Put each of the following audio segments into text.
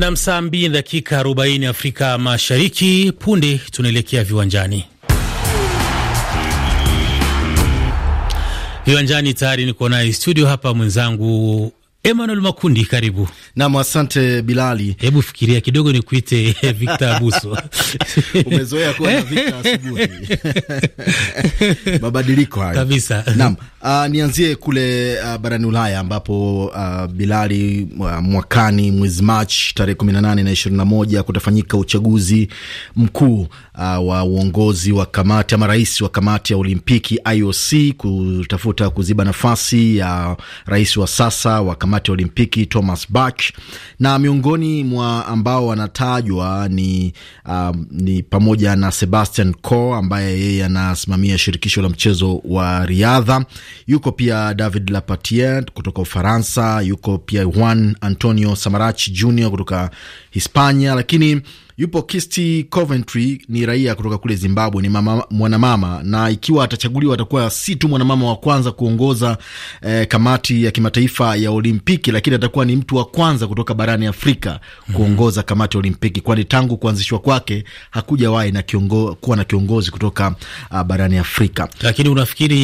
Nam, saa mbili dakika 40 Afrika Mashariki. Punde tunaelekea viwanjani. Viwanjani tayari niko naye studio hapa mwenzangu Emmanuel Makundi, karibu nam. Asante Bilali, hebu fikiria kidogo nikuite Victor Abuso. Umezoea kuwa na Victor asubuhi mabadiliko hayo kabisa. Nam, Uh, nianzie kule uh, barani Ulaya ambapo uh, Bilali uh, mwakani mwezi Machi tarehe kumi na nane na ishirini na moja kutafanyika uchaguzi mkuu uh, wa uongozi wa kamati ama rais wa kamati ya Olimpiki IOC kutafuta kuziba nafasi ya uh, rais wa sasa wa kamati ya Olimpiki Thomas Bach, na miongoni mwa ambao wanatajwa ni, uh, ni pamoja na Sebastian Coe ambaye yeye anasimamia shirikisho la mchezo wa riadha Yuko pia David Lapatier kutoka Ufaransa, yuko pia Juan Antonio Samarachi Jr kutoka Hispania, lakini Yupo Kisti Coventry, ni raia kutoka kule Zimbabwe, ni mama, mwanamama na ikiwa atachaguliwa atakuwa si tu mwanamama wa kwanza kuongoza eh, kamati ya kimataifa ya Olimpiki, lakini atakuwa ni mtu wa kwanza kutoka barani Afrika mhm. kuongoza kamati ya Olimpiki, kwani tangu kuanzishwa kwake hakujawahi na kiongo, kuwa na kiongozi kutoka uh, barani Afrika. Lakini unafikiri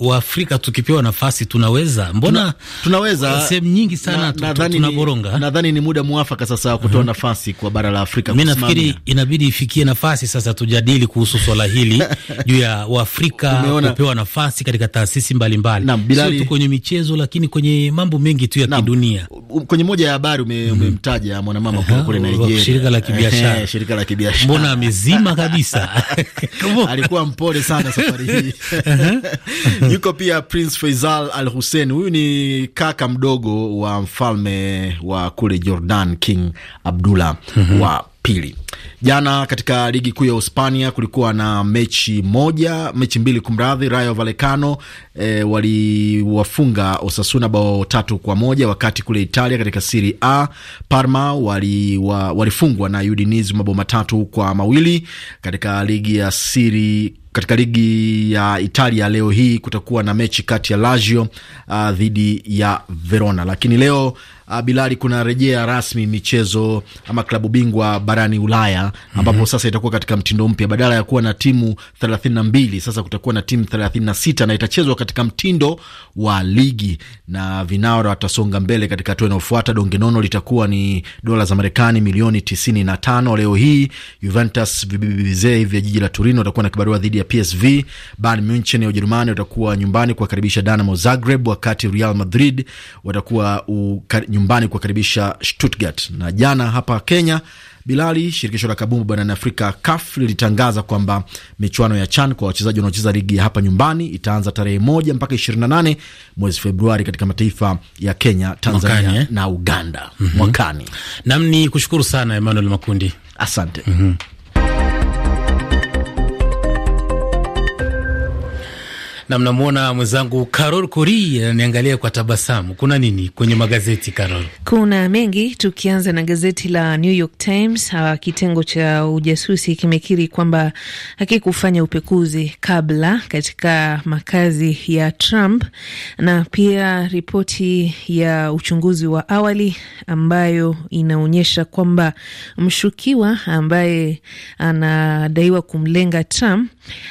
Waafrika tukipewa nafasi tunaweza? Mbona tuna, tunaweza eh, sehemu nyingi sana tunaboronga. Nadhani ni muda mwafaka sasa wa kutoa mhm. nafasi kwa bara la Afrika nafikiri inabidi ifikie nafasi sasa tujadili kuhusu swala hili juu ya Waafrika kupewa nafasi katika taasisi mbalimbali, sio tu kwenye michezo, lakini kwenye mambo mengi tu ya kidunia. Kwenye moja ya habari mhm. umemtaja ume mwanamama kule Nigeria, shirika la kibiashara shirika la kibiashara, mbona amezima kabisa alikuwa mpole sana safari hii yuko pia Prince Faisal Al Hussein, huyu ni kaka mdogo wa mfalme wa kule Jordan King Abdullah mhm. wa 屁理。Jana katika ligi kuu ya uspania kulikuwa na mechi moja, mechi mbili kumradhi. Rayo Vallecano e, waliwafunga Osasuna bao tatu kwa moja, wakati kule Italia katika Serie A Parma walifungwa wali na Udinese mabao matatu kwa mawili. Katika ligi ya Serie katika ligi ya Italia leo hii kutakuwa na mechi kati ya Lazio uh, dhidi ya Verona, lakini leo uh, Bilali kunarejea rasmi michezo ama klabu bingwa barani Ulaya. Ulaya ambapo mm -hmm. sasa itakuwa katika mtindo mpya, badala ya kuwa na timu 32 sasa kutakuwa na timu 36 na itachezwa katika mtindo wa ligi, na vinara watasonga mbele katika hatua inayofuata. Dongenono litakuwa ni dola za Marekani milioni 95. Leo hii Juventus vibibizee vya jiji la Turino watakuwa na kibarua dhidi ya PSV. Bayern Munchen ya Ujerumani watakuwa nyumbani kuwakaribisha Dinamo Zagreb, wakati Real Madrid watakuwa nyumbani kuwakaribisha Stuttgart. Na jana hapa Kenya Bilali, shirikisho la kabumbu barani Afrika CAF lilitangaza kwamba michuano ya CHAN kwa wachezaji wanaocheza ligi ya hapa nyumbani itaanza tarehe moja mpaka 28 mwezi Februari katika mataifa ya Kenya, Tanzania mwakani, eh? na Uganda mm -hmm. mwakani. Nam ni kushukuru sana Emmanuel Makundi, asante mm -hmm. na mnamwona mwenzangu Karol Kori ananiangalia kwa tabasamu. Kuna nini kwenye magazeti Carol? Kuna mengi, tukianza na gazeti la New York Times. kitengo cha ujasusi kimekiri kwamba hakikufanya upekuzi kabla katika makazi ya Trump, na pia ripoti ya uchunguzi wa awali ambayo inaonyesha kwamba mshukiwa ambaye anadaiwa kumlenga Trump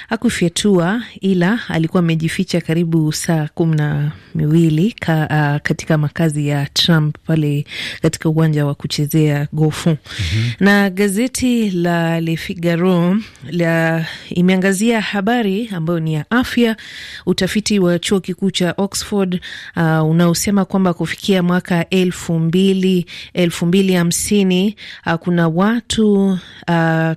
hakufyatua ila alikuwa wamejificha karibu saa kumi na miwili ka, uh, katika makazi ya Trump pale katika uwanja wa kuchezea gofu mm -hmm. Na gazeti la Le Figaro la imeangazia habari ambayo ni ya afya, utafiti wa chuo kikuu cha Oxford uh, unaosema kwamba kufikia mwaka elfu mbili elfu mbili hamsini uh, kuna watu uh,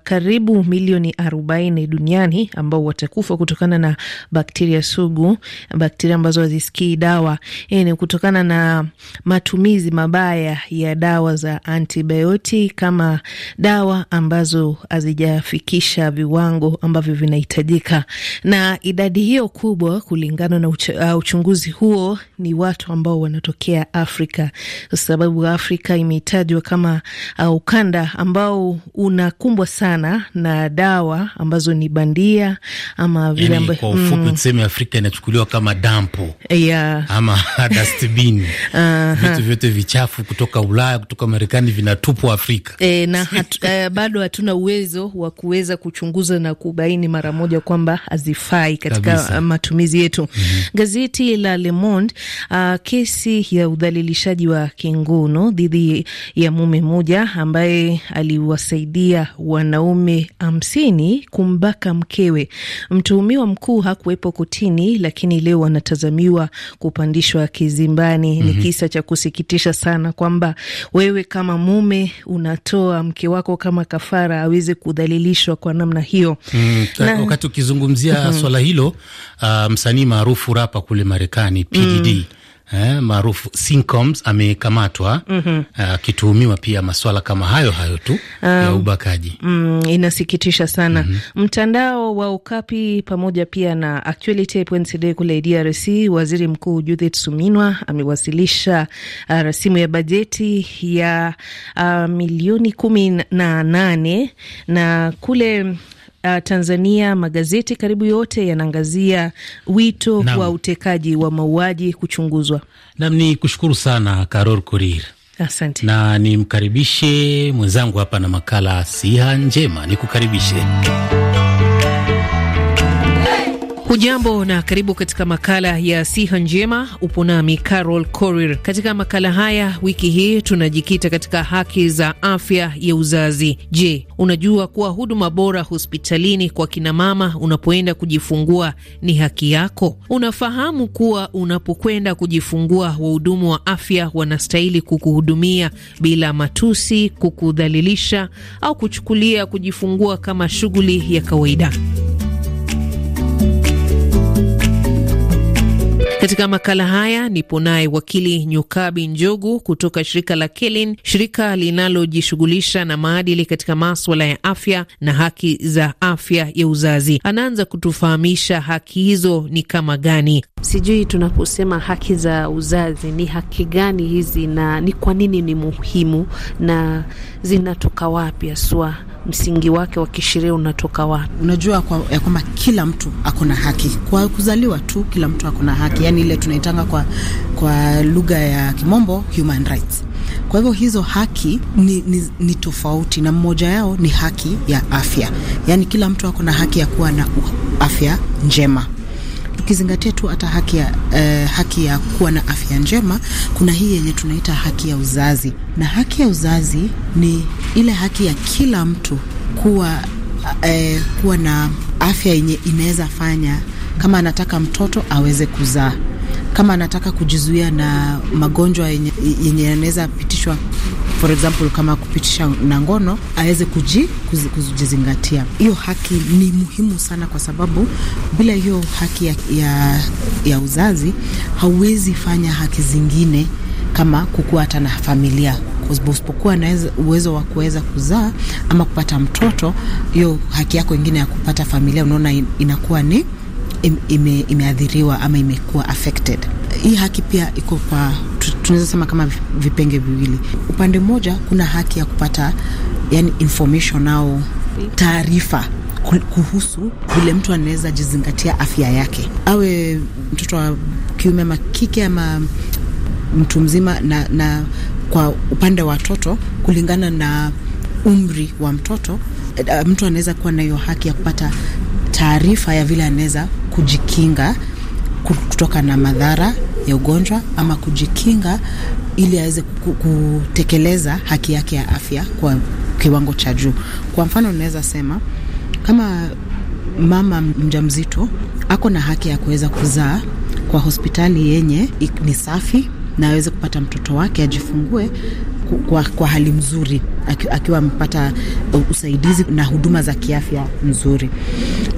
karibu milioni arobaini duniani ambao watakufa kutokana na bakteria bakteria sugu, bakteria ambazo hazisikii dawa. Hii ni kutokana na matumizi mabaya ya dawa za antibioti kama dawa ambazo hazijafikisha viwango ambavyo vinahitajika, na idadi hiyo kubwa kulingana na uch uh, uchunguzi huo ni watu ambao wanatokea Afrika, sababu Afrika imetajwa kama uh, ukanda ambao unakumbwa sana na dawa ambazo ni bandia ama vile yaani ambayo, kwa ufupi mm. tuseme Afrika inachukuliwa kama dampo yeah, ama -huh. vitu vyote vichafu kutoka Ulaya, kutoka Marekani vinatupwa Afrika e, na hatu, uh, eh, bado hatuna uwezo wa kuweza kuchunguza na kubaini mara moja kwamba hazifai katika kabisa, eh, matumizi yetu mm -hmm. Gazeti la Le Monde, uh, kesi ya udhalilishaji wa kingono dhidi ya mume mmoja ambaye aliwasaidia wanaume hamsini kumbaka mkewe. Mtuhumiwa mkuu hakuwepo kuti sitini lakini leo wanatazamiwa kupandishwa kizimbani. Ni mhm. kisa cha kusikitisha sana kwamba wewe kama mume unatoa mke wako kama kafara aweze kudhalilishwa kwa namna hiyo. Mm, na, eh, wakati ukizungumzia mhm. swala hilo uh, msanii maarufu rapa kule Marekani PDD eh, maarufu Sincoms amekamatwa mhm. ah, akituhumiwa mm -hmm. pia maswala kama hayo hayo tu um, ya ubakaji mm, inasikitisha sana mm -hmm. Mtandao wa Ukapi pamoja pia na Actualite.cd kule DRC, waziri mkuu Judith Suminwa amewasilisha uh, rasimu ya bajeti ya uh, milioni kumi na nane na kule uh, Tanzania magazeti karibu yote yanaangazia wito Naam. wa utekaji wa mauaji kuchunguzwa. Nam ni kushukuru sana Karol Kurir. Asante. Na nimkaribishe mwenzangu hapa na makala siha njema, nikukaribishe Hujambo na karibu katika makala ya siha njema. Upo nami Carol Korir. Katika makala haya wiki hii tunajikita katika haki za afya ya uzazi. Je, unajua kuwa huduma bora hospitalini kwa kinamama unapoenda kujifungua ni haki yako? Unafahamu kuwa unapokwenda kujifungua wahudumu wa afya wanastahili kukuhudumia bila matusi, kukudhalilisha au kuchukulia kujifungua kama shughuli ya kawaida? Katika makala haya nipo naye wakili Nyukabi Njogu kutoka shirika la KELIN, shirika linalojishughulisha na maadili katika maswala ya afya na haki za afya ya uzazi. Anaanza kutufahamisha haki hizo ni kama gani. Sijui tunaposema haki za uzazi ni haki gani hizi, na ni kwa nini ni muhimu, na zinatoka wapi haswa? Msingi wake wa kisheria unatoka wapi? Unajua kwa, ya kwamba kila mtu ako na haki kwa kuzaliwa tu, kila mtu ako na haki yani ile tunaitanga kwa, kwa lugha ya kimombo human rights. Kwa hivyo hizo haki ni, ni, ni tofauti na mmoja yao ni haki ya afya, yaani kila mtu ako na haki ya kuwa na afya njema tukizingatia tu hata haki ya, eh, haki ya kuwa na afya njema, kuna hii yenye tunaita haki ya uzazi, na haki ya uzazi ni ile haki ya kila mtu kuwa, eh, kuwa na afya yenye inaweza fanya kama anataka mtoto aweze kuzaa, kama anataka kujizuia na magonjwa yenye yanaweza pitishwa for example kama kupitisha na ngono aweze kuji, kujizingatia. Hiyo haki ni muhimu sana, kwa sababu bila hiyo haki ya, ya, ya uzazi hauwezi fanya haki zingine kama kukua hata na familia usipokuwa na uwezo wa kuweza kuzaa ama kupata mtoto, hiyo haki yako ingine ya kupata familia, unaona inakuwa ni ime, imeathiriwa ama imekuwa affected. Hii haki pia iko kwa tunaweza sema kama vipenge viwili. Upande mmoja kuna haki ya kupata yani information au taarifa kuhusu vile mtu anaweza jizingatia afya yake, awe mtoto wa kiume ama kike ama mtu mzima, na, na kwa upande wa watoto kulingana na umri wa mtoto eh, mtu anaweza kuwa na hiyo haki ya kupata taarifa ya vile anaweza kujikinga kutoka na madhara ya ugonjwa ama kujikinga ili aweze kutekeleza haki yake ya afya kwa kiwango cha juu. Kwa mfano, unaweza sema kama mama mjamzito ako na haki ya kuweza kuzaa kwa hospitali yenye ni safi na aweze kupata mtoto wake ajifungue kwa, kwa hali mzuri akiwa amepata usaidizi na huduma za kiafya nzuri,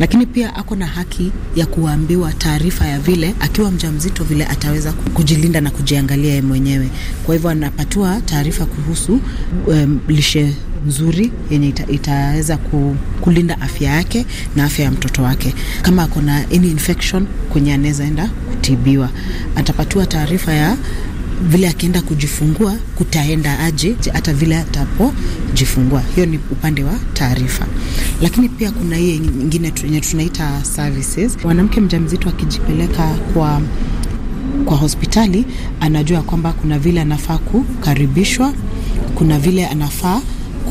lakini pia ako na haki ya kuambiwa taarifa ya vile akiwa mjamzito vile ataweza kujilinda na kujiangalia yeye mwenyewe. Kwa hivyo anapatiwa taarifa kuhusu um, lishe nzuri yenye ita, itaweza ku, kulinda afya yake na afya ya mtoto wake. Kama ako na any infection kwenye anaweza enda kutibiwa, atapatiwa taarifa ya vile akienda kujifungua kutaenda aje, hata vile atapojifungua. Hiyo ni upande wa taarifa, lakini pia kuna hii nyingine yenye tunaita services. Mwanamke mjamzito akijipeleka kwa kwa hospitali, anajua kwamba kuna vile anafaa kukaribishwa, kuna vile anafaa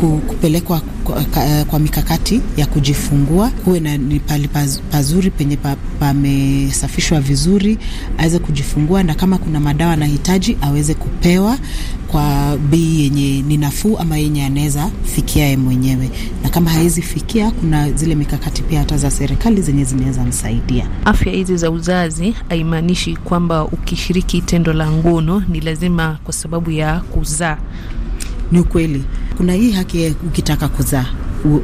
kupelekwa kwa, kwa mikakati ya kujifungua, kuwe na ni pali pazuri penye pamesafishwa vizuri, aweze kujifungua, na kama kuna madawa anahitaji aweze kupewa kwa bei yenye ni nafuu ama yenye anaweza fikia yeye mwenyewe, na kama hawezi fikia, kuna zile mikakati pia hata za serikali zenye zinaweza msaidia. Afya hizi za uzazi haimaanishi kwamba ukishiriki tendo la ngono ni lazima kwa sababu ya kuzaa. Ni ukweli kuna hii haki ya ukitaka kuzaa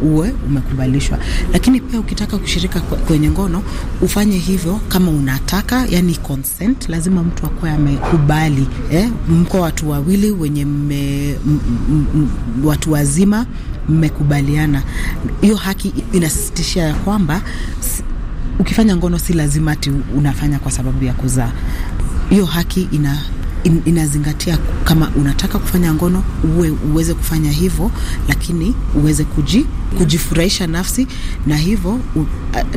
uwe umekubalishwa, lakini pia ukitaka kushirika kwenye ngono ufanye hivyo kama unataka, yani consent. Lazima mtu akuwe amekubali eh? Mko watu wawili wenye mme, m, m, m, watu wazima mmekubaliana. Hiyo haki inasisitishia ya kwamba ukifanya ngono si lazima ati unafanya kwa sababu ya kuzaa. Hiyo haki ina in, inazingatia kama unataka kufanya ngono uwe, uweze kufanya hivyo, lakini uweze kuji kujifurahisha nafsi, na hivyo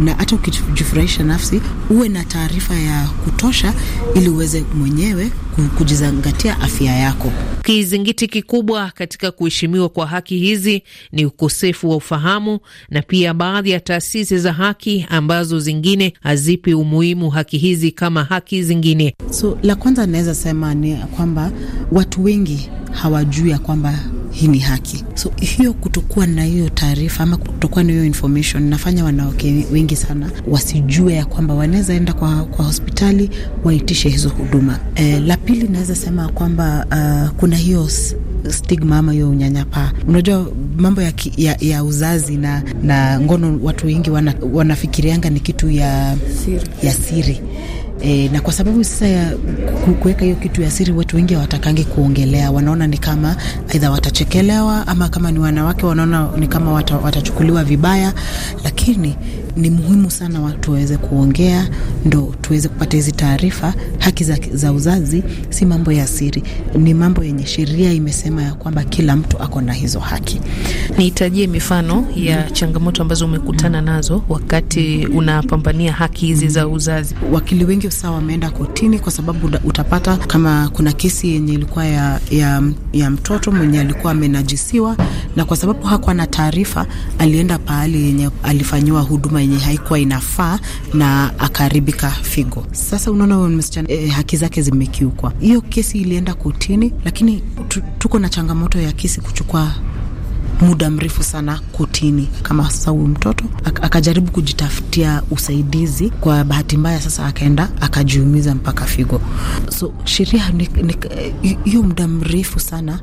na hata ukijifurahisha nafsi uwe na taarifa ya kutosha, ili uweze mwenyewe kujizangatia afya yako. Kizingiti kikubwa katika kuheshimiwa kwa haki hizi ni ukosefu wa ufahamu na pia baadhi ya taasisi za haki ambazo zingine hazipi umuhimu haki hizi kama haki zingine. So la kwanza naweza sema ni kwamba watu wengi hawajui ya kwamba hii ni haki. So hiyo kutokuwa na hiyo taarifa ama kutokuwa na hiyo information nafanya wanawake wengi sana wasijue ya kwamba wanaweza enda kwa, kwa hospitali waitishe hizo huduma. E, la pili naweza sema kwamba uh, kuna hiyo stigma ama hiyo unyanyapaa. Unajua mambo ya, ki, ya, ya uzazi na, na ngono, watu wengi wana, wanafikirianga ni kitu ya siri, ya siri E, na kwa sababu sasa ya kuweka hiyo kitu ya siri, watu wengi hawatakangi kuongelea, wanaona ni kama aidha watachekelewa ama kama ni wanawake wanaona ni kama wata, watachukuliwa vibaya, lakini ni muhimu sana watu waweze kuongea ndo tuweze kupata hizi taarifa. Haki za, za uzazi si mambo ya siri, ni mambo yenye sheria imesema ya kwamba kila mtu ako na hizo haki. Nihitajie mifano ya mm. changamoto ambazo umekutana nazo wakati unapambania haki hizi mm. za uzazi. Wakili wengi sio sawa ameenda kotini, kwa sababu utapata kama kuna kesi yenye ilikuwa ya, ya, ya mtoto mwenye alikuwa amenajisiwa, na kwa sababu hakuwa na taarifa, alienda pahali yenye alifanyiwa huduma yenye haikuwa inafaa na akaribika figo. Sasa unaona huyo msichana e, haki zake zimekiukwa. Hiyo kesi ilienda kotini, lakini tuko na changamoto ya kesi kuchukua muda mrefu sana kotini. Kama sasa huyu mtoto akajaribu kujitafutia usaidizi, kwa bahati mbaya sasa akaenda akajiumiza mpaka figo. So sheria hiyo eh, muda mrefu sana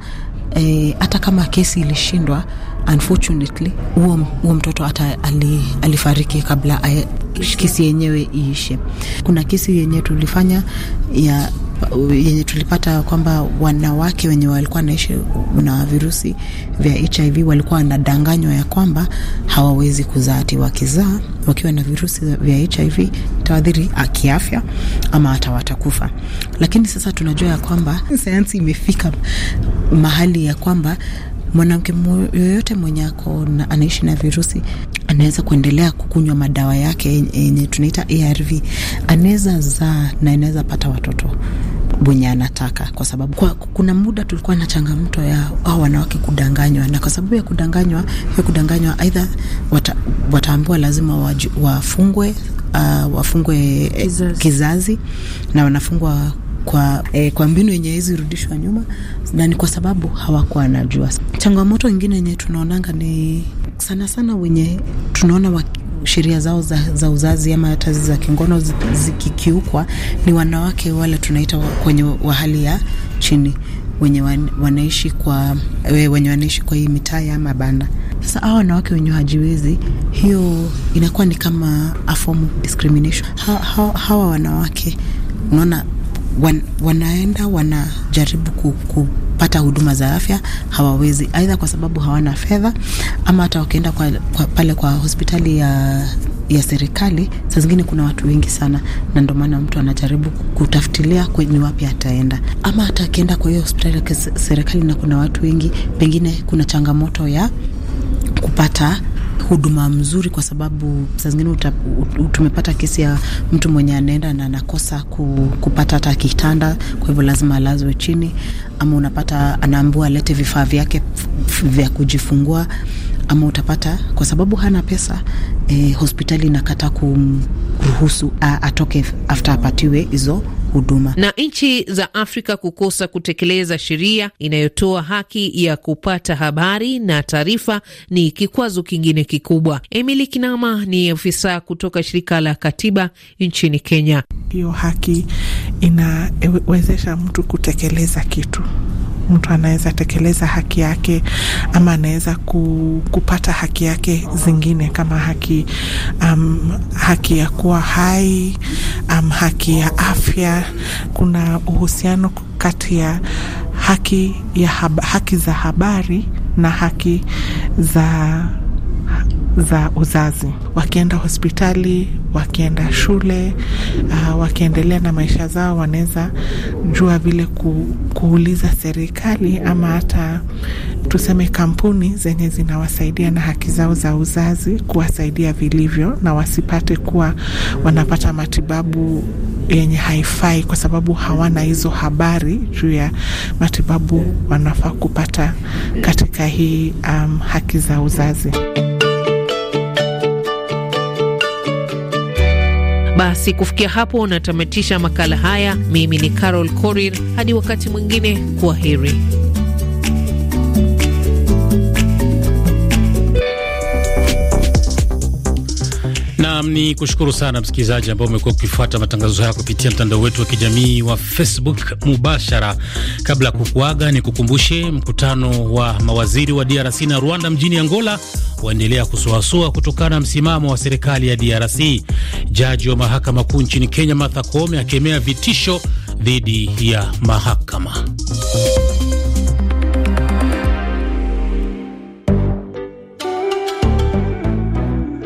eh, hata e, kama kesi ilishindwa unfortunately huo mtoto hata ali, alifariki kabla kisi kesi yenyewe iishe. Kuna kesi yenye tulifanya ya yenye tulipata kwamba wanawake wenye walikuwa naishi na virusi vya HIV walikuwa wanadanganywa ya kwamba hawawezi kuzaa, ati wakizaa wakiwa na virusi vya HIV itawadhiri kiafya ama hata watakufa. Lakini sasa tunajua ya kwamba sayansi imefika mahali ya kwamba Mwanamke yoyote mwenye ako na anaishi na virusi anaweza kuendelea kukunywa madawa yake yenye tunaita ARV, anaweza zaa na anaweza pata watoto mwenye anataka, kwa sababu kwa, kuna muda tulikuwa na changamoto ya au wanawake kudanganywa, na kwa sababu ya kudanganywa hiyo kudanganywa, aidha wata, wataambiwa lazima waju, wafungwe uh, wafungwe kizazi. kizazi na wanafungwa kwa, e, kwa mbinu yenye hizi rudishwa nyuma, na ni kwa sababu hawakuwa wanajua. Changamoto ingine yenye tunaonanga ni sana sana wenye tunaona wa sheria zao za, za uzazi ama hata za kingono zikikiukwa ni wanawake wale tunaita kwenye wa hali ya chini wenye wanaishi kwa wenye wanaishi kwa hii mitaa ya mabanda. Sasa hawa wanawake wenye hajiwezi, hiyo inakuwa ni kama a form of discrimination. Ha, ha, hawa wanawake unaona wan, wanaenda wanajaribu kupata huduma za afya hawawezi, aidha kwa sababu hawana fedha ama hata wakienda kwa, kwa, pale kwa hospitali ya ya serikali saa zingine kuna watu wengi sana, na ndio maana mtu anajaribu kutafutilia kwenye wapi ataenda, ama hata akienda kwa hiyo hospitali ya serikali na kuna watu wengi, pengine kuna changamoto ya kupata huduma mzuri, kwa sababu saa zingine tumepata kesi ya mtu mwenye anaenda na anakosa ku, kupata hata kitanda, kwa hivyo lazima alazwe chini, ama unapata anaambua alete vifaa vyake vya kujifungua ama utapata kwa sababu hana pesa eh, hospitali inakata kumruhusu atoke after apatiwe hizo huduma. Na nchi za Afrika kukosa kutekeleza sheria inayotoa haki ya kupata habari na taarifa ni kikwazo kingine kikubwa. Emily Kinama ni ofisa kutoka shirika la katiba nchini Kenya. Hiyo haki inawezesha mtu kutekeleza kitu mtu anaweza tekeleza haki yake ama anaweza ku, kupata haki yake zingine kama haki, um, haki ya kuwa hai, um, haki ya afya. Kuna uhusiano kati ya haki, ya hab haki za habari na haki za za uzazi. Wakienda hospitali, wakienda shule, uh, wakiendelea na maisha zao, wanaweza jua vile ku, kuuliza serikali ama hata tuseme kampuni zenye zinawasaidia na haki zao za uzazi kuwasaidia vilivyo, na wasipate kuwa wanapata matibabu yenye haifai, kwa sababu hawana hizo habari juu ya matibabu wanafaa kupata katika hii um, haki za uzazi. Basi kufikia hapo natamatisha makala haya. Mimi ni Carol Korir, hadi wakati mwingine, kwa heri. Naam, ni kushukuru sana msikilizaji ambao umekuwa ukifuata matangazo haya kupitia mtandao wetu wa kijamii wa Facebook mubashara. Kabla ya kukuaga, ni kukumbushe mkutano wa mawaziri wa DRC na Rwanda mjini Angola waendelea kusuasua kutokana na msimamo wa serikali ya DRC. Jaji wa mahakama kuu nchini Kenya Martha Koome akemea vitisho dhidi ya mahakama.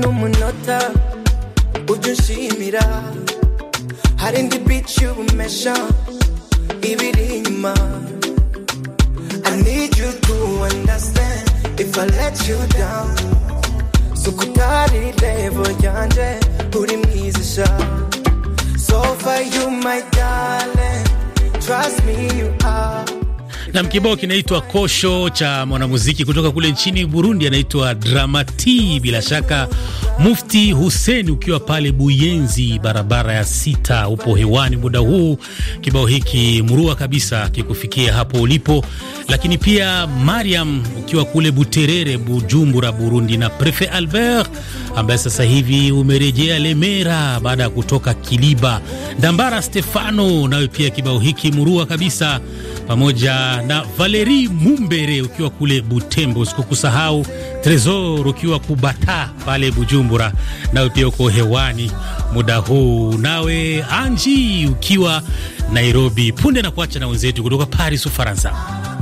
n'umunota ujya unshimira hari indi bici y'ubumesha ibiri inyuma I need you to understand if I let you down so kutari levo yanjye uri mwiza so far you my darling trust me you are na mkibao kinaitwa Kosho cha mwanamuziki kutoka kule nchini Burundi, anaitwa Dramati. Bila shaka Mufti Hussein, ukiwa pale Buyenzi, barabara ya sita, upo hewani muda huu. Kibao hiki mrua kabisa kikufikia hapo ulipo. Lakini pia Mariam, ukiwa kule Buterere, Bujumbura, Burundi, na Prefet Albert ambaye sasa hivi umerejea Lemera baada ya kutoka Kiliba. Ndambara Stefano, nawe pia kibao hiki mrua kabisa, pamoja na Valeri Mumbere ukiwa kule Butembo, sikukusahau Tresor ukiwa Kubata pale Bujumbura, nawe pia uko hewani muda huu, nawe Anji ukiwa Nairobi. Punde na kuacha na wenzetu kutoka Paris, Ufaransa.